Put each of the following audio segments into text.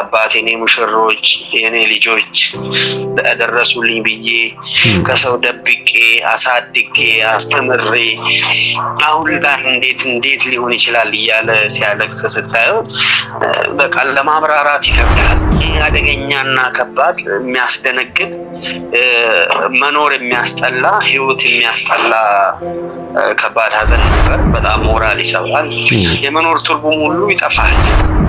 አባት፣ የኔ ሙሽሮች፣ የኔ ልጆች ደረሱልኝ ብዬ ከሰው ደብቄ አሳድጌ አስተምሬ አሁን ጋር እንዴት እንዴት ሊሆን ይችላል እያለ ሲያለቅስ ስታየው በቃ ለማብራራት ይከብዳል። አደገኛና ከባድ የሚያስደነግጥ መኖር የሚያስጠላ ህይወት የሚያስጠላ ከባድ ሀዘን ነበር። በጣም ሞራል ይሰብራል። የመኖር ትርጉም ሁሉ ይጠፋል።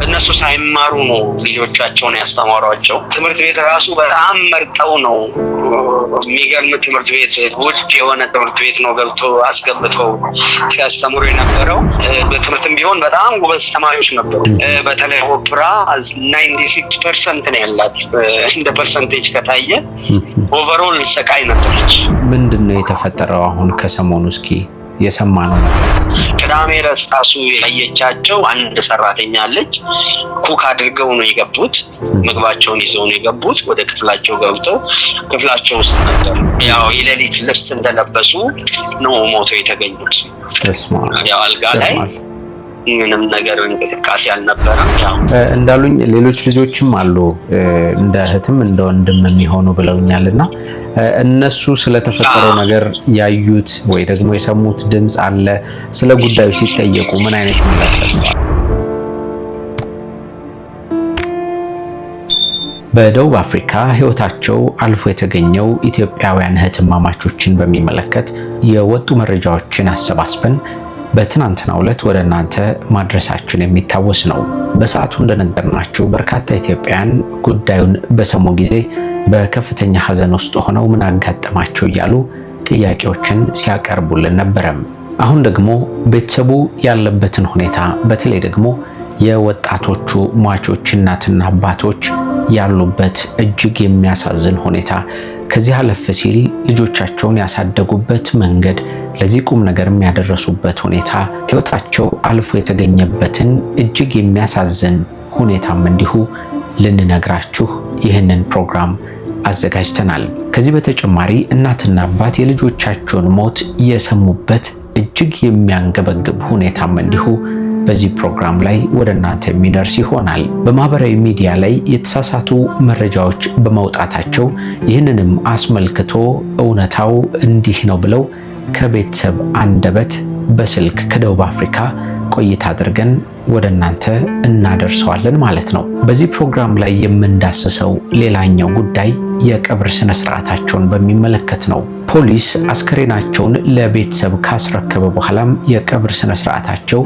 እነሱ ሳይማሩ ነው ልጆቻቸውን ያስተማሯቸው። ትምህርት ቤት ራሱ በጣም መርጠው ነው። የሚገርም ትምህርት ቤት፣ ውድ የሆነ ትምህርት ቤት ነው ገብቶ አስገብተው ሲያስተምሩ የነበረው። በትምህርትም ቢሆን በጣም ጎበዝ ተማሪዎች ነበሩ። በተለይ ኦፕራ ናይንቲ ሲክስ ፐርሰንት ነው ያላት። እንደ ፐርሰንቴጅ ከታየ ኦቨሮል ሰቃይ ነበረች። ምንድን ነው የተፈጠረው አሁን ከሰሞኑ እስኪ የሰማ ነው ቅዳሜ ዕለት ያየቻቸው አንድ ሰራተኛ አለች። ኩክ አድርገው ነው የገቡት። ምግባቸውን ይዘው ነው የገቡት። ወደ ክፍላቸው ገብተው ክፍላቸው ውስጥ ነበር። ያው የሌሊት ልብስ እንደለበሱ ነው ሞቶ የተገኙት ያው አልጋ ላይ ምንም ነገር እንቅስቃሴ አልነበረም። እንዳሉኝ ሌሎች ልጆችም አሉ እንደ እህትም እንደ ወንድም የሚሆኑ ብለውኛል። እና እነሱ ስለተፈጠረው ነገር ያዩት ወይ ደግሞ የሰሙት ድምፅ አለ? ስለ ጉዳዩ ሲጠየቁ ምን አይነት ምላሽ ሰጥተዋል? በደቡብ አፍሪካ ሕይወታቸው አልፎ የተገኘው ኢትዮጵያውያን እህትማማቾችን በሚመለከት የወጡ መረጃዎችን አሰባስበን በትናንትናው ዕለት ወደ እናንተ ማድረሳችን የሚታወስ ነው። በሰዓቱ እንደነገርናችሁ በርካታ ኢትዮጵያውያን ጉዳዩን በሰሙ ጊዜ በከፍተኛ ሐዘን ውስጥ ሆነው ምን አጋጠማቸው እያሉ ጥያቄዎችን ሲያቀርቡልን ነበረም። አሁን ደግሞ ቤተሰቡ ያለበትን ሁኔታ በተለይ ደግሞ የወጣቶቹ ሟቾች እናትና አባቶች ያሉበት እጅግ የሚያሳዝን ሁኔታ ከዚህ አለፍ ሲል ልጆቻቸውን ያሳደጉበት መንገድ ለዚህ ቁም ነገር የሚያደረሱበት ሁኔታ ሕይወታቸው አልፎ የተገኘበትን እጅግ የሚያሳዝን ሁኔታም እንዲሁ ልንነግራችሁ ይህንን ፕሮግራም አዘጋጅተናል። ከዚህ በተጨማሪ እናትና አባት የልጆቻቸውን ሞት የሰሙበት እጅግ የሚያንገበግብ ሁኔታም እንዲሁ በዚህ ፕሮግራም ላይ ወደ እናንተ የሚደርስ ይሆናል። በማህበራዊ ሚዲያ ላይ የተሳሳቱ መረጃዎች በመውጣታቸው ይህንንም አስመልክቶ እውነታው እንዲህ ነው ብለው ከቤተሰብ አንደበት በስልክ ከደቡብ አፍሪካ ቆይታ አድርገን ወደ እናንተ እናደርሰዋለን ማለት ነው። በዚህ ፕሮግራም ላይ የምንዳስሰው ሌላኛው ጉዳይ የቀብር ስነ ስርዓታቸውን በሚመለከት ነው። ፖሊስ አስከሬናቸውን ለቤተሰብ ካስረከበ በኋላም የቀብር ስነ ስርዓታቸው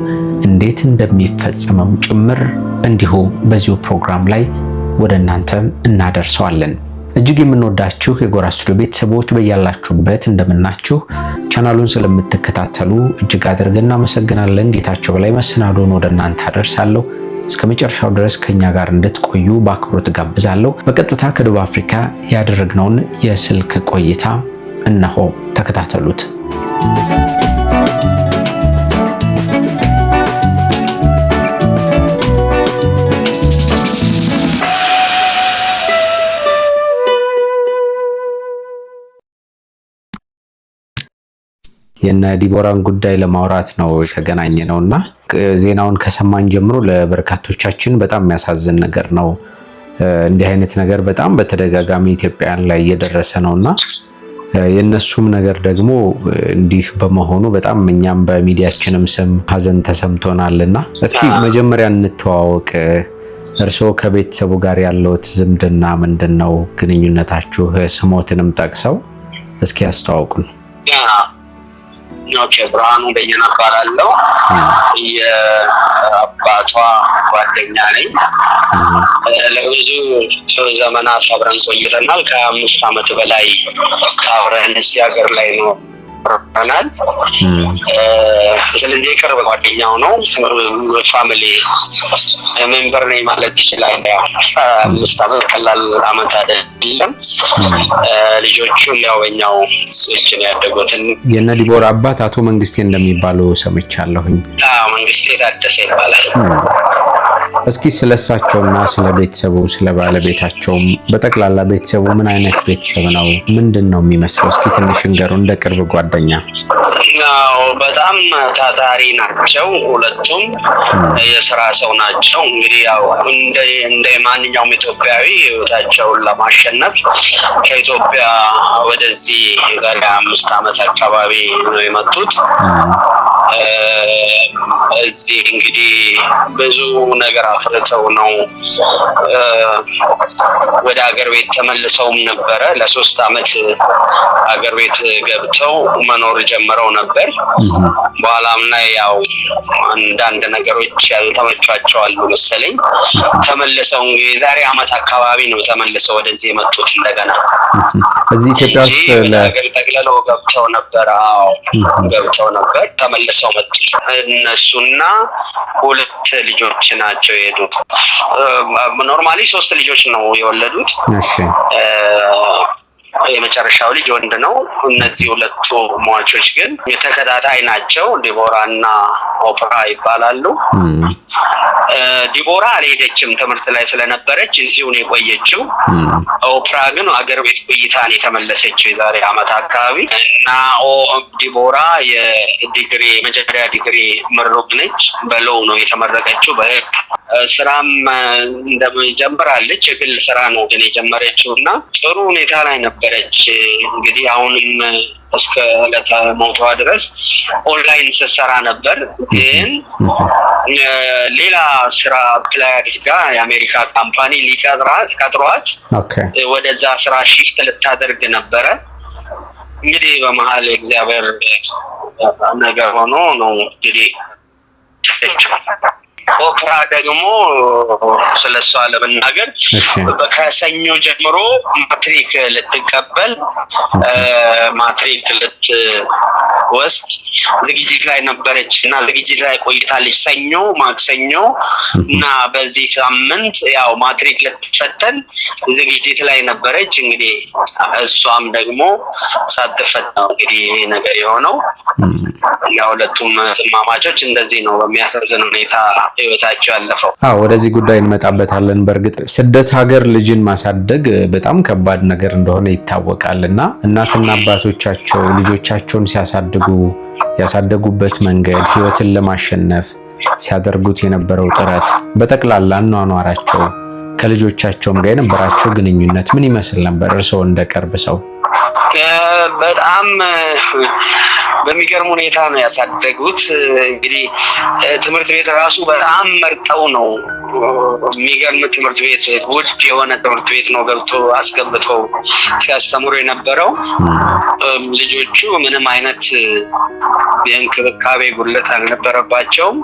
እንዴት እንደሚፈጸመም ጭምር እንዲሁ በዚሁ ፕሮግራም ላይ ወደ እናንተ እናደርሰዋለን። እጅግ የምንወዳችሁ የጎራ ስቱዲዮ ቤተሰቦች በያላችሁበት እንደምናችሁ፣ ቻናሉን ስለምትከታተሉ እጅግ አድርገን እናመሰግናለን። ጌታቸው በላይ መሰናዶን ወደ እናንተ አደርሳለሁ። እስከ መጨረሻው ድረስ ከኛ ጋር እንድትቆዩ በአክብሮት ጋብዛለሁ። በቀጥታ ከደቡብ አፍሪካ ያደረግነውን የስልክ ቆይታ እነሆ ተከታተሉት። የነ ዲቦራን ጉዳይ ለማውራት ነው የተገናኘ ነው እና ዜናውን ከሰማን ጀምሮ ለበርካቶቻችን በጣም የሚያሳዝን ነገር ነው። እንዲህ አይነት ነገር በጣም በተደጋጋሚ ኢትዮጵያውያን ላይ እየደረሰ ነው እና የእነሱም ነገር ደግሞ እንዲህ በመሆኑ በጣም እኛም በሚዲያችንም ስም ሀዘን ተሰምቶናል እና እስኪ መጀመሪያ እንተዋወቅ። እርስዎ ከቤተሰቡ ጋር ያለውት ዝምድና ምንድን ነው? ግንኙነታችሁ ስሞትንም ጠቅሰው እስኪ አስተዋውቁን። ጓደኛዎች ብርሃኑ በየነ እባላለሁ። የአባቷ ጓደኛ ነኝ። ለብዙ ዘመናት አብረን ቆይተናል። ከአምስት ዓመት በላይ አብረን እዚህ ሀገር ላይ ነው አብረናል። ስለዚህ የቅርብ ጓደኛው ነው፣ ፋሚሊ ሜምበር ነኝ ማለት ይችላል። አምስት አመት ቀላል አመት አይደለም። ልጆቹን ያው በኛው ነው ያደጉትን የነ ዲቦራ አባት አቶ መንግስቴ እንደሚባሉ ሰምቻለሁኝ። መንግስቴ ታደሰ ይባላል። እስኪ ስለሳቸውና ስለ ቤተሰቡ ስለ ባለቤታቸውም በጠቅላላ ቤተሰቡ ምን አይነት ቤተሰብ ነው? ምንድን ነው የሚመስለው? እስኪ ትንሽ እንገሩ እንደ ቅርብ ጓደኛ። ያው በጣም ታታሪ ናቸው ሁለቱም፣ የስራ ሰው ናቸው። እንግዲህ ያው እንደ ማንኛውም ኢትዮጵያዊ ህይወታቸውን ለማሸነፍ ከኢትዮጵያ ወደዚህ የዛሬ አምስት አመት አካባቢ ነው የመጡት። እዚህ እንግዲህ ብዙ ነገር አፍርተው ነው ወደ ሀገር ቤት ተመልሰውም ነበረ። ለሶስት አመት ሀገር ቤት ገብተው መኖር ጀምረው ነበር። በኋላም ላይ ያው አንዳንድ ነገሮች ያልተመቿቸው አሉ መሰለኝ ተመልሰው እንግዲህ የዛሬ አመት አካባቢ ነው ተመልሰው ወደዚህ የመጡት እንደገና እዚህ ኢትዮጵያ ውስጥ ለሀገር ጠቅለለው ገብተው ነበር። አዎ ገብተው ነበር ተመልሰው ተመልሰው መጡ። እነሱና ሁለት ልጆች ናቸው የሄዱት። ኖርማሊ ሶስት ልጆች ነው የወለዱት። የመጨረሻው ልጅ ወንድ ነው። እነዚህ ሁለቱ ሟቾች ግን የተከታታይ ናቸው። ዲቦራ እና ኦፕራ ይባላሉ። ዲቦራ አልሄደችም ትምህርት ላይ ስለነበረች እዚሁ ነው የቆየችው። ኦፕራ ግን አገር ቤት ቆይታን የተመለሰችው የዛሬ አመት አካባቢ እና ዲቦራ የዲግሪ መጀመሪያ ዲግሪ ምሩቅ ነች። በሎው ነው የተመረቀችው። በህግ ስራም እንደጀምራለች። የግል ስራ ነው ግን የጀመረችው እና ጥሩ ሁኔታ ላይ ነበረች። እንግዲህ አሁንም እስከ ዕለተ ሞቷ ድረስ ኦንላይን ስትሰራ ነበር። ግን ሌላ ስራ አፕላይ አድርጋ የአሜሪካ ካምፓኒ ሊቀጥራት ቀጥሯት ወደዛ ስራ ሺፍት ልታደርግ ነበረ። እንግዲህ በመሀል እግዚአብሔር ነገር ሆኖ ነው እንግዲህ ወቅታ ደግሞ ስለሷ ለመናገር ከሰኞ ጀምሮ ማትሪክ ልትቀበል ማትሪክ ልት ወስድ ዝግጅት ላይ ነበረች እና ዝግጅት ላይ ቆይታለች። ሰኞ፣ ማክሰኞ እና በዚህ ሳምንት ያው ማትሪክ ልትፈተን ዝግጅት ላይ ነበረች። እንግዲህ እሷም ደግሞ ሳትፈት ነው እንግዲህ ይሄ ነገር የሆነው። የሁለቱም ትማማቾች እንደዚህ ነው በሚያሳዝን ሁኔታ ህይወታቸው ያለፈው። ወደዚህ ጉዳይ እንመጣበታለን። በእርግጥ ስደት ሀገር ልጅን ማሳደግ በጣም ከባድ ነገር እንደሆነ ይታወቃል እና እናትና አባቶቻቸው ልጆቻቸውን ሲያሳድ ሲያሳድጉ ያሳደጉበት መንገድ ህይወትን ለማሸነፍ ሲያደርጉት የነበረው ጥረት በጠቅላላ አኗኗራቸው ከልጆቻቸውም ጋር የነበራቸው ግንኙነት ምን ይመስል ነበር? እርስዎ እንደ ቅርብ ሰው። በጣም በሚገርም ሁኔታ ነው ያሳደጉት። እንግዲህ ትምህርት ቤት ራሱ በጣም መርጠው ነው። የሚገርም ትምህርት ቤት፣ ውድ የሆነ ትምህርት ቤት ነው ገብቶ አስገብተው ሲያስተምሩ የነበረው። ልጆቹ ምንም አይነት የእንክብካቤ ጉለት አልነበረባቸውም።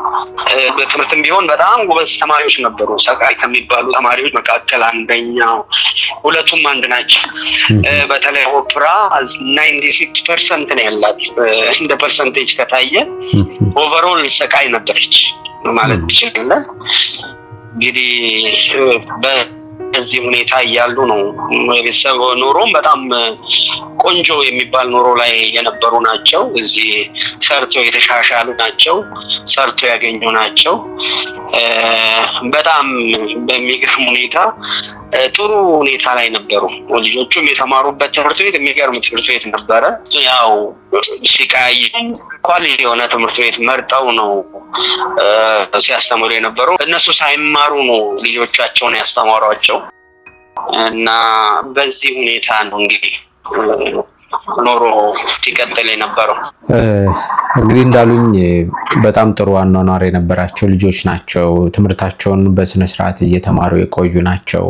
በትምህርትም ቢሆን በጣም ጎበዝ ተማሪዎች ነበሩ። ሰቃይ ከሚባሉ ተማሪዎች መካከል አንደኛው፣ ሁለቱም አንድ ናቸው። በተለይ ኦፕራ ናይንቲ ሲክስ ፐርሰንት ነው ያላት እንደ ፐርሰንቴጅ ከታየ ኦቨሮል ሰቃይ ነበረች ማለት ትችላለ። እንግዲህ በዚህ ሁኔታ እያሉ ነው የቤተሰብ ኑሮም በጣም ቆንጆ የሚባል ኑሮ ላይ የነበሩ ናቸው። እዚህ ሰርተው የተሻሻሉ ናቸው፣ ሰርተው ያገኙ ናቸው። በጣም በሚገርም ሁኔታ ጥሩ ሁኔታ ላይ ነበሩ። ልጆቹም የተማሩበት ትምህርት ቤት የሚገርም ትምህርት ቤት ነበረ። ያው ሲቃይ ኳል የሆነ ትምህርት ቤት መርጠው ነው ሲያስተምሩ የነበረው። እነሱ ሳይማሩ ነው ልጆቻቸውን ያስተማሯቸው እና በዚህ ሁኔታ ነው እንግዲህ ኖሮ ሲቀጥል የነበረው። እንግዲህ እንዳሉኝ በጣም ጥሩ አኗኗር የነበራቸው ልጆች ናቸው። ትምህርታቸውን በስነስርዓት እየተማሩ የቆዩ ናቸው።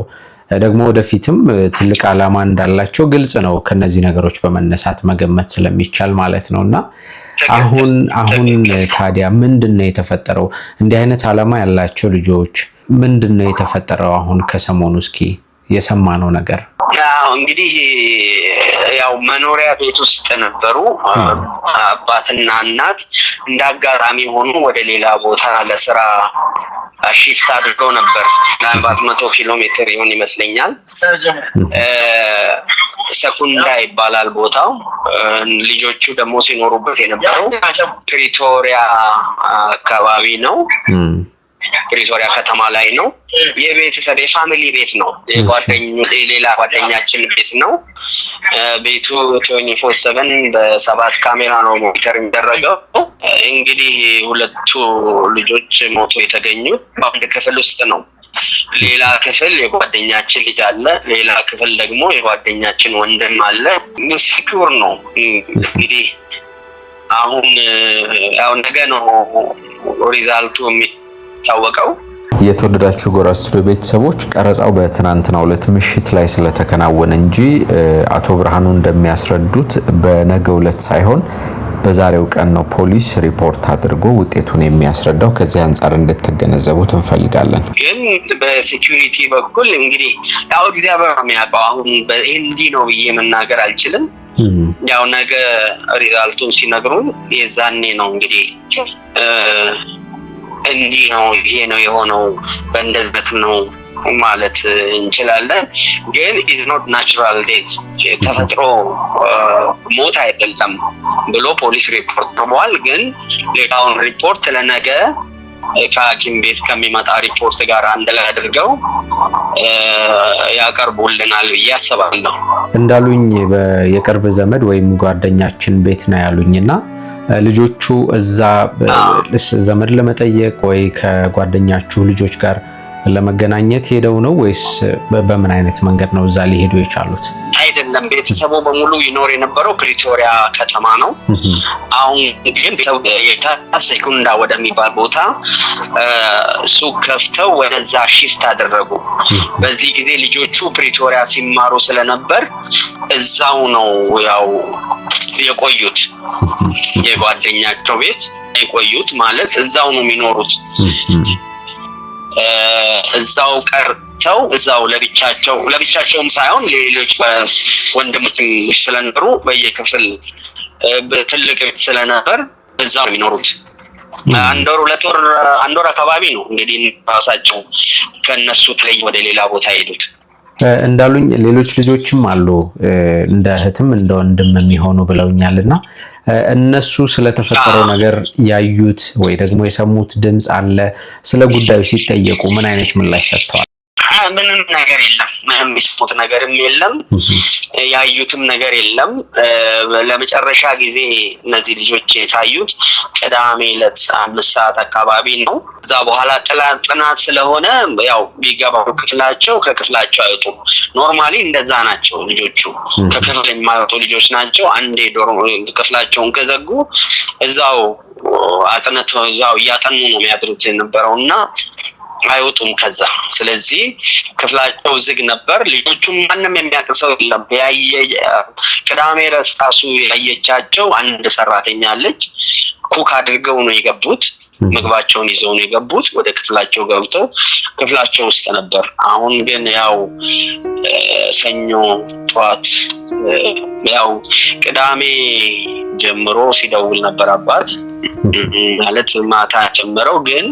ደግሞ ወደፊትም ትልቅ ዓላማ እንዳላቸው ግልጽ ነው። ከነዚህ ነገሮች በመነሳት መገመት ስለሚቻል ማለት ነው። እና አሁን አሁን ታዲያ ምንድን ነው የተፈጠረው? እንዲህ አይነት ዓላማ ያላቸው ልጆች ምንድን ነው የተፈጠረው? አሁን ከሰሞኑ እስኪ የሰማነው ነገር እንግዲህ ያው መኖሪያ ቤት ውስጥ ነበሩ። አባትና እናት እንደ አጋጣሚ ሆኑ ወደ ሌላ ቦታ ለስራ ሺፍት አድርገው ነበር። ምናልባት መቶ ኪሎ ሜትር ይሆን ይመስለኛል። ሰኩንዳ ይባላል ቦታው። ልጆቹ ደግሞ ሲኖሩበት የነበረው ፕሪቶሪያ አካባቢ ነው። ፕሪቶሪያ ከተማ ላይ ነው። የቤተሰብ የፋሚሊ ቤት ነው። ሌላ ጓደኛችን ቤት ነው። ቤቱ ቶኒ ፎር ሰቨን በሰባት ካሜራ ነው ሞኒተር የሚደረገው። እንግዲህ ሁለቱ ልጆች ሞቶ የተገኙ በአንድ ክፍል ውስጥ ነው። ሌላ ክፍል የጓደኛችን ልጅ አለ። ሌላ ክፍል ደግሞ የጓደኛችን ወንድም አለ። ምስኪር ነው እንግዲህ አሁን ያው ነገ ነው ሪዛልቱ የሚ የሚታወቀው። የተወደዳችሁ ጎራ ስቱዲዮ ቤተሰቦች ቀረጻው በትናንትናው ዕለት ምሽት ላይ ስለተከናወነ እንጂ አቶ ብርሃኑ እንደሚያስረዱት በነገው ዕለት ሳይሆን በዛሬው ቀን ነው ፖሊስ ሪፖርት አድርጎ ውጤቱን የሚያስረዳው። ከዚህ አንጻር እንድትገነዘቡት እንፈልጋለን። ግን በሴኪሪቲ በኩል እንግዲህ ያው እግዚአብሔር የሚያውቀው አሁን እንዲህ ነው ብዬ መናገር አልችልም። ያው ነገ ሪዛልቱን ሲነግሩን የዛኔ ነው እንግዲህ እንዲህ ነው ይሄ ነው የሆነው በእንደዝነት ነው ማለት እንችላለን። ግን ኢዝ ኖት ናቹራል ዴት ተፈጥሮ ሞት አይደለም ብሎ ፖሊስ ሪፖርት ተቧል። ግን ሌላውን ሪፖርት ለነገ ከሐኪም ቤት ከሚመጣ ሪፖርት ጋር አንድ ላይ አድርገው ያቀርቡልናል ብዬ አስባለሁ። እንዳሉኝ የቅርብ ዘመድ ወይም ጓደኛችን ቤት ነው ያሉኝና። ልጆቹ እዛ ዘመድ ለመጠየቅ ወይ ከጓደኛችሁ ልጆች ጋር ለመገናኘት ሄደው ነው ወይስ በምን አይነት መንገድ ነው እዛ ሊሄዱ የቻሉት? አይደለም ቤተሰቡ በሙሉ ይኖር የነበረው ፕሪቶሪያ ከተማ ነው። አሁን ግን ሴኩንዳ ወደሚባል ቦታ ሱቅ ከፍተው ወደዛ ሽፍት አደረጉ። በዚህ ጊዜ ልጆቹ ፕሪቶሪያ ሲማሩ ስለነበር እዛው ነው ያው የቆዩት የጓደኛቸው ቤት የቆዩት ማለት እዛው ነው የሚኖሩት። እዛው ቀርተው እዛው ለብቻቸው ለብቻቸውም ሳይሆን ሌሎች ወንድሞችም ስለነበሩ በየክፍል ትልቅ ቤት ስለነበር እዛ የሚኖሩት። አንድ ወር ሁለት ወር አንድ ወር አካባቢ ነው እንግዲህ ራሳቸው ከእነሱ ተለይ ወደ ሌላ ቦታ ሄዱት። እንዳሉኝ ሌሎች ልጆችም አሉ እንደ እህትም እንደ ወንድም የሚሆኑ ብለውኛል እና እነሱ ስለተፈጠረው ነገር ያዩት ወይ ደግሞ የሰሙት ድምፅ አለ? ስለ ጉዳዩ ሲጠየቁ ምን አይነት ምላሽ ሰጥተዋል? ምንም ነገር የለም። ምንም የሚስሙት ነገርም የለም። ያዩትም ነገር የለም። ለመጨረሻ ጊዜ እነዚህ ልጆች የታዩት ቅዳሜ ዕለት አምስት ሰዓት አካባቢ ነው። እዛ በኋላ ጥናት ስለሆነ ያው ቢገባው ክፍላቸው ከክፍላቸው አይወጡም። ኖርማሊ እንደዛ ናቸው ልጆቹ ከክፍል የማይወጡ ልጆች ናቸው። አንዴ ክፍላቸውን ከዘጉ እዛው አጥነት እዛው እያጠኑ ነው የሚያድሩት የነበረው እና አይወጡም ከዛ። ስለዚህ ክፍላቸው ዝግ ነበር። ልጆቹም ማንም የሚያውቅ ሰው የለም። ቅዳሜ ረስ ራሱ ያየቻቸው አንድ ሰራተኛ አለች። ኩክ አድርገው ነው የገቡት። ምግባቸውን ይዘው ነው የገቡት። ወደ ክፍላቸው ገብተው ክፍላቸው ውስጥ ነበር። አሁን ግን ያው ሰኞ ጠዋት ያው ቅዳሜ ጀምሮ ሲደውል ነበር አባት ማለት ማታ ጀምረው ግን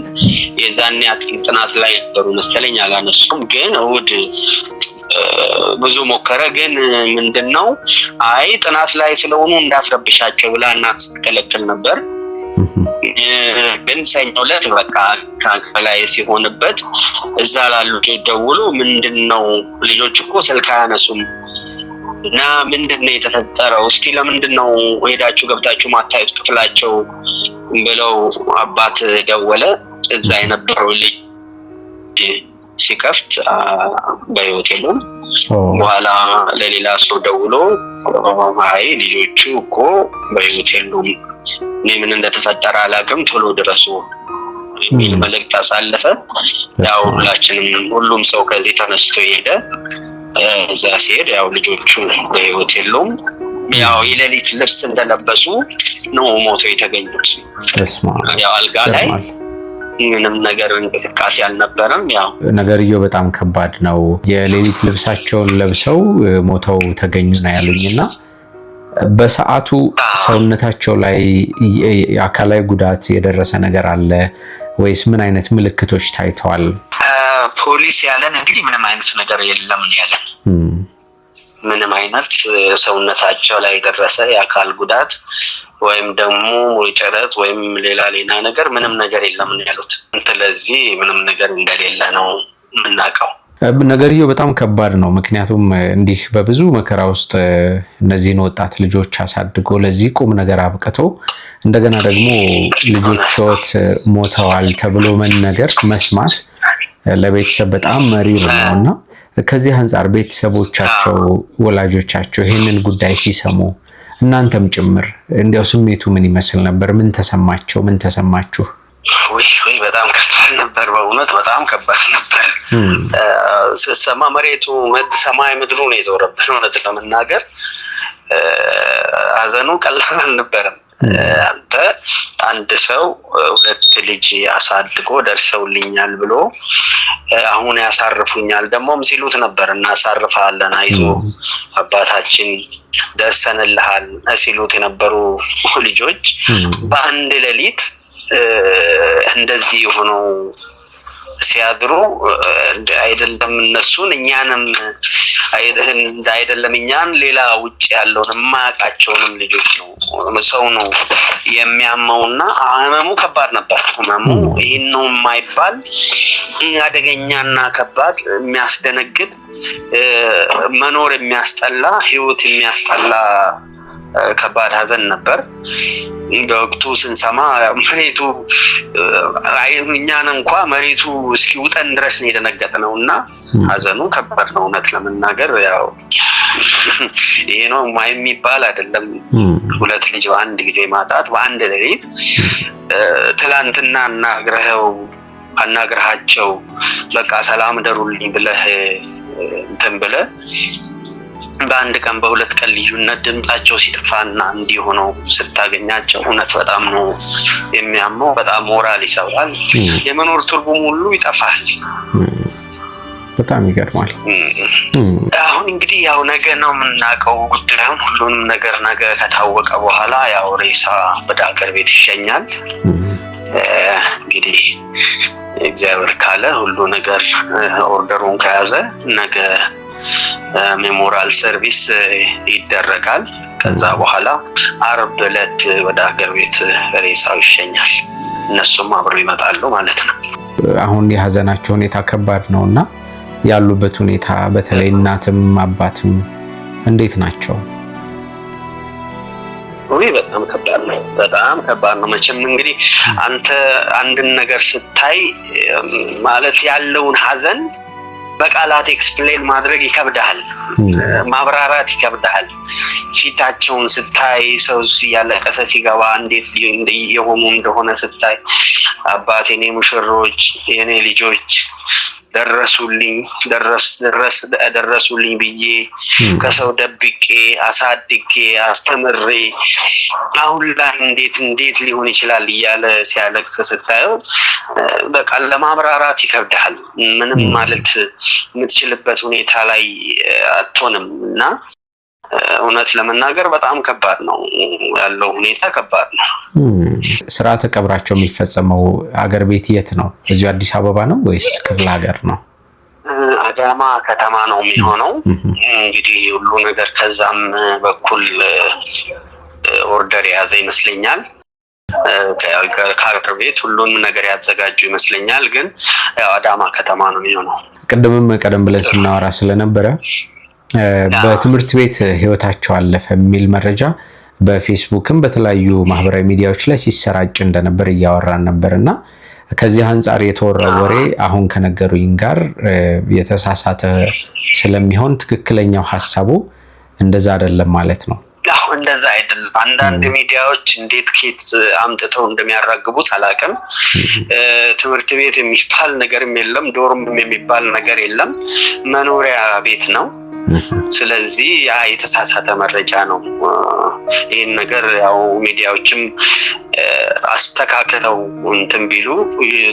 የዛኔ ጥናት ላይ ነበሩ መሰለኝ አላነሱም። ግን እሑድ ብዙ ሞከረ። ግን ምንድን ነው አይ ጥናት ላይ ስለሆኑ እንዳትረብሻቸው ብላ እናት ስትከለክል ነበር። ግን ሰኞ ዕለት በቃ ላይ ሲሆንበት እዛ ላሉ ልጆች ደውሎ ምንድን ነው ልጆች እኮ ስልክ አያነሱም እና ምንድን ነው የተፈጠረው? እስቲ ለምንድን ነው ሄዳችሁ ገብታችሁ ማታዩት ክፍላቸው ብለው አባት ደወለ። እዛ የነበረው ልጅ ሲከፍት በህይወት የለም። በኋላ ለሌላ ሰው ደውሎ አይ ልጆቹ እኮ በህይወት የሉም፣ እኔ ምን እንደተፈጠረ አላውቅም፣ ቶሎ ድረሱ የሚል መልእክት አሳለፈ። ያው ሁላችንም ሁሉም ሰው ከዚህ ተነስቶ ሄደ። እዛ ሲሄድ ያው ልጆቹ በህይወት የሉም። ያው የሌሊት ልብስ እንደለበሱ ነው ሞቶ የተገኙት ያው አልጋ ላይ ምንም ነገር እንቅስቃሴ አልነበረም። ያው ነገርየው በጣም ከባድ ነው። የሌሊት ልብሳቸውን ለብሰው ሞተው ተገኙ ነው ያሉኝ እና በሰዓቱ ሰውነታቸው ላይ የአካላዊ ጉዳት የደረሰ ነገር አለ ወይስ ምን አይነት ምልክቶች ታይተዋል? ፖሊስ ያለን እንግዲህ ምንም አይነት ነገር የለም ያለን ምንም አይነት ሰውነታቸው ላይ የደረሰ የአካል ጉዳት ወይም ደግሞ ጨረት ወይም ሌላ ሌላ ነገር ምንም ነገር የለም ነው ያሉት። ስለዚህ ምንም ነገር እንደሌለ ነው የምናውቀው። ነገርየው በጣም ከባድ ነው። ምክንያቱም እንዲህ በብዙ መከራ ውስጥ እነዚህን ወጣት ልጆች አሳድጎ ለዚህ ቁም ነገር አብቅቶ እንደገና ደግሞ ልጆችዎት ሞተዋል ተብሎ መነገር መስማት ለቤተሰብ በጣም መሪር ነው እና ከዚህ አንጻር ቤተሰቦቻቸው፣ ወላጆቻቸው ይህንን ጉዳይ ሲሰሙ እናንተም ጭምር እንዲያው ስሜቱ ምን ይመስል ነበር? ምን ተሰማቸው? ምን ተሰማችሁ? ውይ ውይ በጣም ከባድ ነበር። በእውነት በጣም ከባድ ነበር። ስትሰማ መሬቱ ሰማይ ምድሩ ነው የተወረብን። እውነት ለመናገር ሀዘኑ ቀላል አልነበረም። አንተ አንድ ሰው ሁለት ልጅ አሳድጎ ደርሰውልኛል ብሎ አሁን ያሳርፉኛል ደግሞም ሲሉት ነበር። እናሳርፋለን፣ አይዞ አባታችን ደርሰንልሃል ሲሉት የነበሩ ልጆች በአንድ ሌሊት እንደዚህ የሆነው ሲያድሩ አይደለም እነሱን እኛንም አይደለም እኛን ሌላ ውጭ ያለውን የማያውቃቸውንም ልጆች ነው ሰው ነው የሚያመው እና ህመሙ ከባድ ነበር። ህመሙ ይህን ነው የማይባል አደገኛና ከባድ የሚያስደነግጥ መኖር የሚያስጠላ ህይወት የሚያስጠላ ከባድ ሀዘን ነበር። በወቅቱ ስንሰማ መሬቱ እኛን እንኳ መሬቱ እስኪውጠን ድረስ ነው የደነገጥ ነው እና ሀዘኑ ከባድ ነው። እውነት ለመናገር ያው ይሄ ነው ማ የሚባል አይደለም። ሁለት ልጅ በአንድ ጊዜ ማጣት በአንድ ሌሊት ትላንትና እናግረኸው አናግረሃቸው በቃ ሰላም ደሩልኝ ብለህ እንትን ብለህ በአንድ ቀን በሁለት ቀን ልዩነት ድምጻቸው ሲጠፋና እንዲሆነው ስታገኛቸው እውነት በጣም ነው የሚያመው። በጣም ሞራል ይሰብራል። የመኖር ትርጉም ሁሉ ይጠፋል። በጣም ይገርማል። አሁን እንግዲህ ያው ነገ ነው የምናውቀው ጉዳዩን። ሁሉንም ነገር ነገ ከታወቀ በኋላ ያው ሬሳ ወደ ሀገር ቤት ይሸኛል። እንግዲህ እግዚአብሔር ካለ ሁሉ ነገር ኦርደሩን ከያዘ ነገ ሜሞራል ሰርቪስ ይደረጋል። ከዛ በኋላ አርብ ዕለት ወደ ሀገር ቤት ሬሳው ይሸኛል። እነሱም አብሮ ይመጣሉ ማለት ነው። አሁን የሀዘናቸው ሁኔታ ከባድ ነው እና ያሉበት ሁኔታ በተለይ እናትም አባትም እንዴት ናቸው? ውይ በጣም ከባድ ነው። በጣም ከባድ ነው። መቼም እንግዲህ አንተ አንድን ነገር ስታይ ማለት ያለውን ሀዘን በቃላት ኤክስፕሌን ማድረግ ይከብዳል፣ ማብራራት ይከብዳል። ፊታቸውን ስታይ ሰው እያለቀሰ ሲገባ እንዴት የሆኑ እንደሆነ ስታይ አባት፣ የኔ ሙሽሮች፣ የኔ ልጆች ደረሱልኝ ደረሱልኝ ብዬ ከሰው ደብቄ አሳድጌ አስተምሬ አሁን ላይ እንዴት እንዴት ሊሆን ይችላል እያለ ሲያለቅስ ስታየው በቃ ለማብራራት ይከብዳል። ምንም ማለት የምትችልበት ሁኔታ ላይ አትሆንም እና እውነት ለመናገር በጣም ከባድ ነው ያለው ሁኔታ ከባድ ነው። ስርዓተ ቀብራቸው የሚፈጸመው አገር ቤት የት ነው? እዚሁ አዲስ አበባ ነው ወይስ ክፍለ ሀገር ነው? አዳማ ከተማ ነው የሚሆነው። እንግዲህ ሁሉ ነገር ከዛም በኩል ኦርደር የያዘ ይመስለኛል። ከአገር ቤት ሁሉን ነገር ያዘጋጁ ይመስለኛል። ግን አዳማ ከተማ ነው የሚሆነው። ቅድምም ቀደም ብለን ስናወራ ስለነበረ በትምህርት ቤት ህይወታቸው አለፈ የሚል መረጃ በፌስቡክም በተለያዩ ማህበራዊ ሚዲያዎች ላይ ሲሰራጭ እንደነበር እያወራን ነበር እና ከዚህ አንጻር የተወራ ወሬ አሁን ከነገሩኝ ጋር የተሳሳተ ስለሚሆን ትክክለኛው ሀሳቡ እንደዛ አይደለም ማለት ነው። እንደዛ አይደለም። አንዳንድ ሚዲያዎች እንዴት ኬት አምጥተው እንደሚያራግቡት አላውቅም። ትምህርት ቤት የሚባል ነገርም የለም፣ ዶርም የሚባል ነገር የለም። መኖሪያ ቤት ነው። ስለዚህ ያ የተሳሳተ መረጃ ነው። ይህን ነገር ያው ሚዲያዎችም አስተካክለው እንትን ቢሉ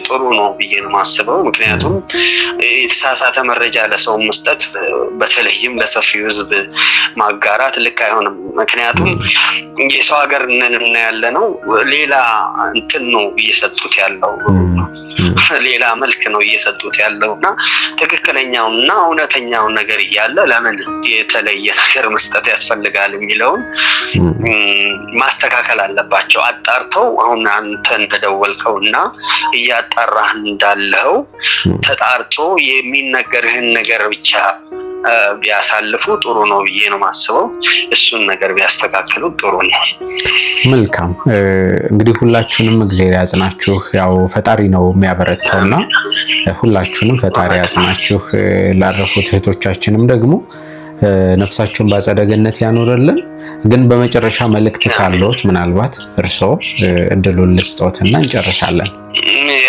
ጥሩ ነው ብዬ ነው የማስበው። ምክንያቱም የተሳሳተ መረጃ ለሰው መስጠት፣ በተለይም ለሰፊው ሕዝብ ማጋራት ልክ አይሆንም። ምክንያቱም የሰው ሀገር እና ያለ ነው ሌላ እንትን ነው እየሰጡት ያለው ሌላ መልክ ነው እየሰጡት ያለው እና ትክክለኛውን እና እውነተኛውን ነገር እያለ ለምን የተለየ ነገር መስጠት ያስፈልጋል የሚለውን ማስተካከል አለባቸው አጣር መጥተው አሁን አንተ እንደደወልከው እና እያጣራህ እንዳለው ተጣርቶ የሚነገርህን ነገር ብቻ ቢያሳልፉ ጥሩ ነው ብዬ ነው ማስበው። እሱን ነገር ቢያስተካክሉ ጥሩ ነው። መልካም እንግዲህ ሁላችሁንም እግዜር ያጽናችሁ። ያው ፈጣሪ ነው የሚያበረታውና ሁላችሁንም ፈጣሪ ያጽናችሁ። ላረፉት እህቶቻችንም ደግሞ ነፍሳቸውን በአጸደ ገነት ያኖረልን። ግን በመጨረሻ መልእክት ካለዎት ምናልባት እርስዎ እድሉን እና እንጨርሳለን።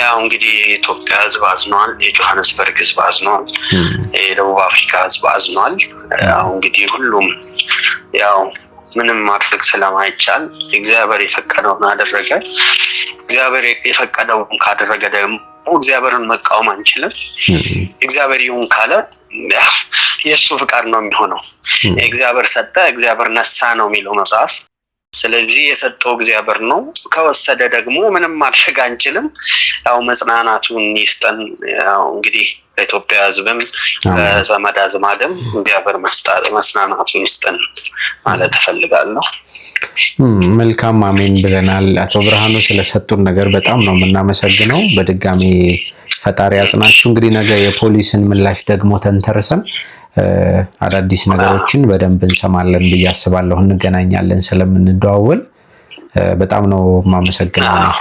ያው እንግዲህ የኢትዮጵያ ሕዝብ አዝኗል። የጆሃንስበርግ ሕዝብ አዝኗል። የደቡብ አፍሪካ ሕዝብ አዝኗል። ያው እንግዲህ ሁሉም ያው ምንም ማድረግ ስለማይቻል እግዚአብሔር የፈቀደውን አደረገ። እግዚአብሔር የፈቀደውን ካደረገ ደግሞ እግዚአብሔርን መቃወም አንችልም። እግዚአብሔር ይሁን ካለ የእሱ ፍቃድ ነው የሚሆነው። እግዚአብሔር ሰጠ፣ እግዚአብሔር ነሳ ነው የሚለው መጽሐፍ። ስለዚህ የሰጠው እግዚአብሔር ነው። ከወሰደ ደግሞ ምንም ማድረግ አንችልም። ያው መጽናናቱን ይስጠን። ያው እንግዲህ በኢትዮጵያ ሕዝብም በዘመድ አዝማድም እግዚአብሔር መጽናናቱን ይስጠን ማለት እፈልጋለሁ። መልካም አሜን ብለናል። አቶ ብርሃኑ ስለሰጡን ነገር በጣም ነው የምናመሰግነው በድጋሚ ፈጣሪ ያጽናችሁ። እንግዲህ ነገ የፖሊስን ምላሽ ደግሞ ተንተርሰን አዳዲስ ነገሮችን በደንብ እንሰማለን ብዬ አስባለሁ። እንገናኛለን ስለምንደዋወል በጣም ነው የማመሰግነው።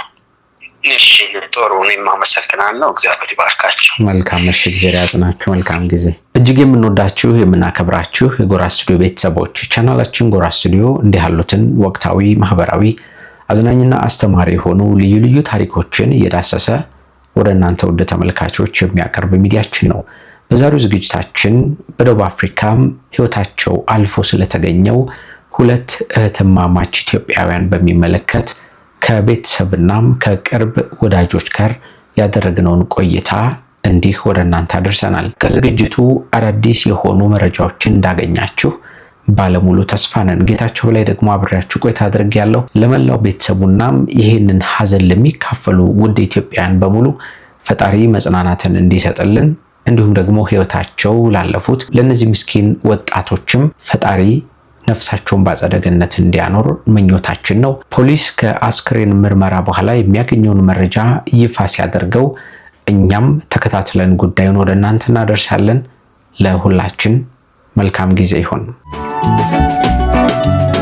እሺ ጥሩ፣ እኔም አመሰግናለሁ። እግዚአብሔር ይባርካቸው። መልካም እሺ፣ ጊዜ ያጽናችሁ። መልካም ጊዜ። እጅግ የምንወዳችሁ የምናከብራችሁ የጎራ ስቱዲዮ ቤተሰቦች ቻናላችን ጎራ ስቱዲዮ እንዲህ ያሉትን ወቅታዊ፣ ማህበራዊ፣ አዝናኝና አስተማሪ የሆኑ ልዩ ልዩ ታሪኮችን እየዳሰሰ ወደ እናንተ ውድ ተመልካቾች የሚያቀርብ ሚዲያችን ነው። በዛሬው ዝግጅታችን በደቡብ አፍሪካም ህይወታቸው አልፎ ስለተገኘው ሁለት እህትማማች ኢትዮጵያውያን በሚመለከት ከቤተሰብናም ከቅርብ ወዳጆች ጋር ያደረግነውን ቆይታ እንዲህ ወደ እናንተ አድርሰናል። ከዝግጅቱ አዳዲስ የሆኑ መረጃዎችን እንዳገኛችሁ ባለሙሉ ተስፋ ነን። ጌታቸው በላይ ደግሞ አብሬያችሁ ቆይታ አድርግ ያለው ለመላው ቤተሰቡናም ይህንን ሀዘን ለሚካፈሉ ውድ ኢትዮጵያውያን በሙሉ ፈጣሪ መጽናናትን እንዲሰጥልን እንዲሁም ደግሞ ህይወታቸው ላለፉት ለእነዚህ ምስኪን ወጣቶችም ፈጣሪ ነፍሳቸውን በአጸደ ገነት እንዲያኖር ምኞታችን ነው። ፖሊስ ከአስክሬን ምርመራ በኋላ የሚያገኘውን መረጃ ይፋ ሲያደርገው እኛም ተከታትለን ጉዳዩን ወደ እናንተ እናደርሳለን። ለሁላችን መልካም ጊዜ ይሆን። Thank you.